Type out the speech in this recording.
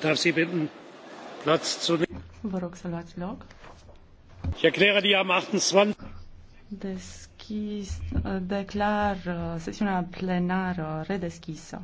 darf Sie bitten, Platz zu nehmen. Vă rog să luați loc. Ich erkläre die am 28. Deschis, declar uh, sesiunea plenară redeschisă.